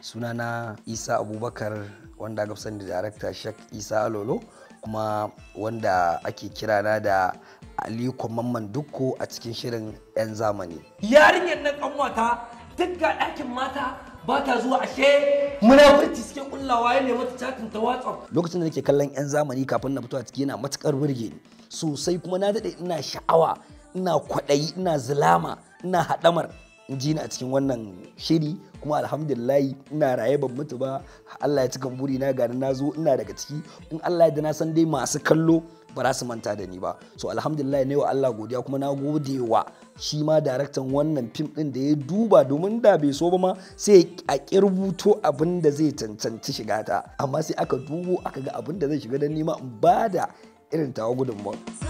sunana isa abubakar wanda aka sani da darakta shek isa alolo kuma wanda ake kirana da aliko mamman dukko a cikin shirin 'yan zamani yarinyar nan mata duk ga ɗakin mata ba ta zuwa ashe munafurci suke kullawa ya nemi chatin ta WhatsApp lokacin da nake kallon yan zamani kafin na fito a ciki yana matukar burge ni sosai kuma na daɗe ina sha'awa ina kwaɗayi ina zulama ina haɗamar ji a cikin wannan shiri kuma alhamdulillahi ina raye ban mutu ba Allah ya cika buri na gani na zo ina daga ciki in Allah ya da na san dai masu kallo ba za su manta da ni ba so alhamdulillah ne wa Allah godiya kuma na gode wa shi ma daraktan wannan fim din da ya duba domin da bai so ba ma sai a kirbuto abin da zai cancanci shiga ta amma sai aka dubo aka ga abin da zai shiga da nima in da irin tawa gudunmawar.